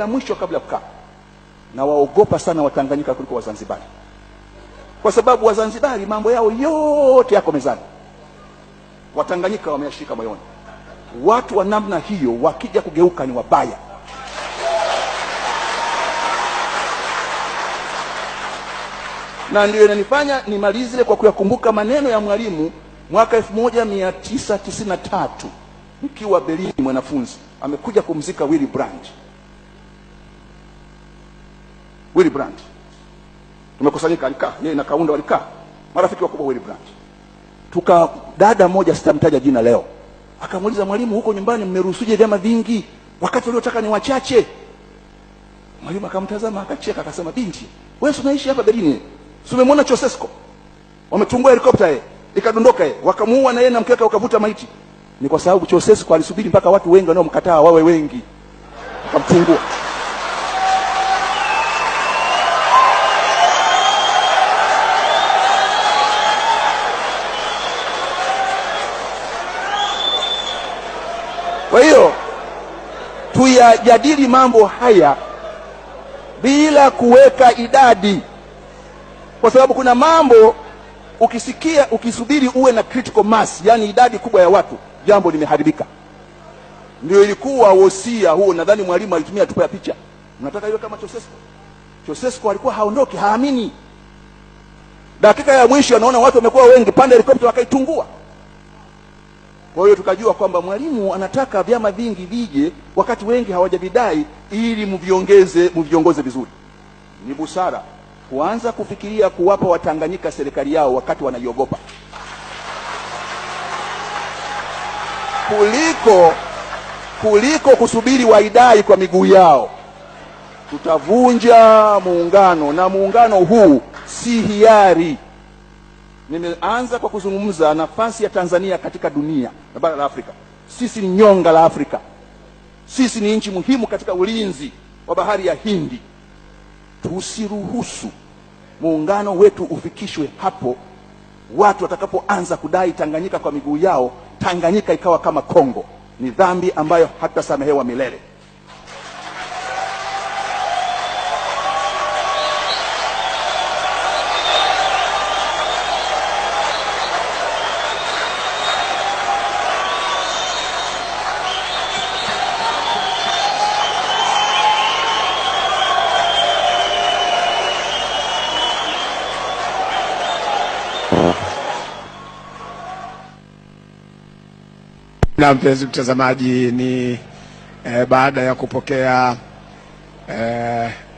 la mwisho kabla ya kukaa, na waogopa sana Watanganyika kuliko Wazanzibari, kwa sababu Wazanzibari mambo yao yote yako mezani, Watanganyika wameyashika moyoni. Watu wa namna hiyo wakija kugeuka ni wabaya. na ndio inanifanya nimalize kwa kuyakumbuka maneno ya Mwalimu mwaka 1993 nikiwa Berlin, mwanafunzi amekuja kumzika Willy Brandt. Willy Brandt tumekusanyika, alikaa yeye na Kaunda, walikaa marafiki wakubwa Willy Brandt. Tuka dada moja sitamtaja jina leo, akamuuliza mwalimu, huko nyumbani mmeruhusuje vyama vingi wakati waliotaka ni wachache? Mwalimu akamtazama akacheka, akasema, binti wewe, unaishi hapa Berlin, si umemwona Ceausescu wametungua helikopta yeye ikadondoka yeye, wakamuua na yeye na mke wake wakavuta maiti. Ni kwa sababu Chosesco alisubiri mpaka watu wengi wanaomkataa wawe wengi, akamtungua. kuyajadili mambo haya bila kuweka idadi, kwa sababu kuna mambo ukisikia ukisubiri uwe na critical mass, yaani idadi kubwa ya watu, jambo limeharibika. Ndio ilikuwa wosia huo, nadhani mwalimu alitumia tupa ya picha. Mnataka iwe kama Chosesco. Chosesco alikuwa haondoki, haamini. Dakika ya mwisho anaona watu wamekuwa wengi, panda helikopta wakaitungua. Kwa hiyo tukajua kwamba mwalimu anataka vyama vingi vije, wakati wengi hawajavidai, ili mviongeze mviongoze vizuri. Ni busara kuanza kufikiria kuwapa Watanganyika serikali yao wakati wanaiogopa kuliko kuliko kusubiri waidai kwa miguu yao. Tutavunja muungano na muungano huu si hiari. Nimeanza kwa kuzungumza nafasi ya Tanzania katika dunia na bara la Afrika. Sisi ni nyonga la Afrika, sisi ni nchi muhimu katika ulinzi wa bahari ya Hindi. Tusiruhusu muungano wetu ufikishwe hapo watu watakapoanza kudai Tanganyika kwa miguu yao, Tanganyika ikawa kama Kongo. Ni dhambi ambayo hatutasamehewa milele. Na mpenzi mtazamaji, ni eh, baada ya kupokea eh,